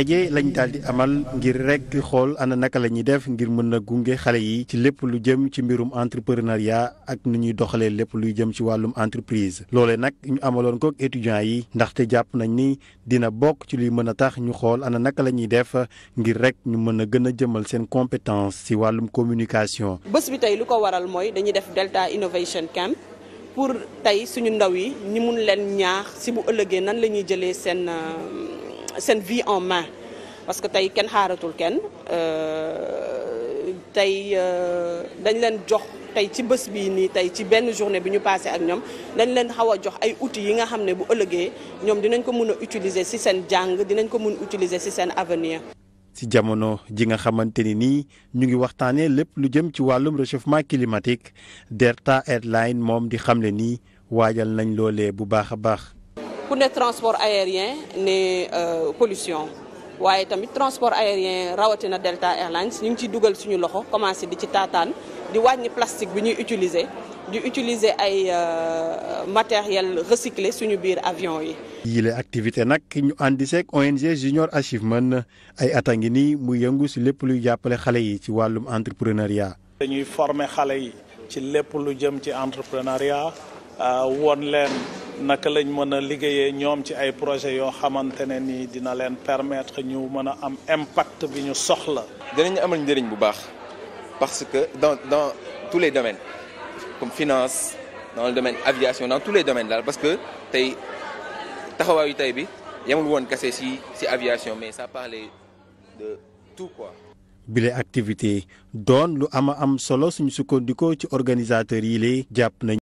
daje lañ daal di amal ngir rek xool ana naka la ñuy def ngir mën a gunge xale yi ci lépp lu jëm ci mbirum entrepreneuriat ak nu ñuy doxalee lépp luy jëm ci wàllum entreprise loole nag ñu amaloon ko étudiants yi ndaxte jàpp nañ ni dina bokk ci luy mën a tax ñu xool ana naka la ñuy def ngir rek ñu mën a gën a jëmal seen compétence ci wàllum communication. bés bi tey lu ko waral mooy dañuy def Delta Innovation Camp. pour tey suñu ndaw yi ñi mun leen ñaax si bu la ñuy jëlee euh, seen vie en main parce que tey kenn xaaratul kenn euh, tey euh, dañ leen jox tey ci bës bii nii tey ci benn journée bi ñu passé ak ñoom dañ leen xaw a jox ay outils yi nga xam ne bu ëllëgee ñoom dinañ ko mën a utiliser ci seen jàng dinañ ko mën utiliser ci seen avenir. ci jamono ji nga xamante ni nii ñu ngi waxtaanee lépp lu jëm ci wàllum réchauffement climatique Delta Airlines moom di xamle ni waajal nañ loolee bu baax a baax. ku ne transport aérien ne euh, pollution waaye tamit transport aérien rawatina Delta Airlines ñu ngi ciy dugal suñu loxo commencé di ci taataan di wàññi plastique bi ñuy utiliser di utiliser ay euh, matériel recyclé suñu biir avion yi. yile activité nag ñu àndi seeg ONG Junior Achievement ay at a nii mu yëngu si lépp luy jàppale xale yi ci wàllum entrepreneuriat. dañuy forme xale yi ci lépp lu jëm ci entrepreneuriat euh, woon leen. naka lañ mën a liggéeyee ñoom ci ay projet yoo xamante ne nii dina leen permettre ñu mën a am impact bi ñu soxla. dinañ amal njëriñ bu baax parce que dans dans tous les domaines comme finance dans le domaine aviation dans tous les domaines daal parce que tey taxawaayu tey bi yamul woon kese ci ci aviation mais ça parlait de tout quoi. bile activité doon lu ama am solo suñu sukkandikoo ci organisateurs yi lay jàpp nañ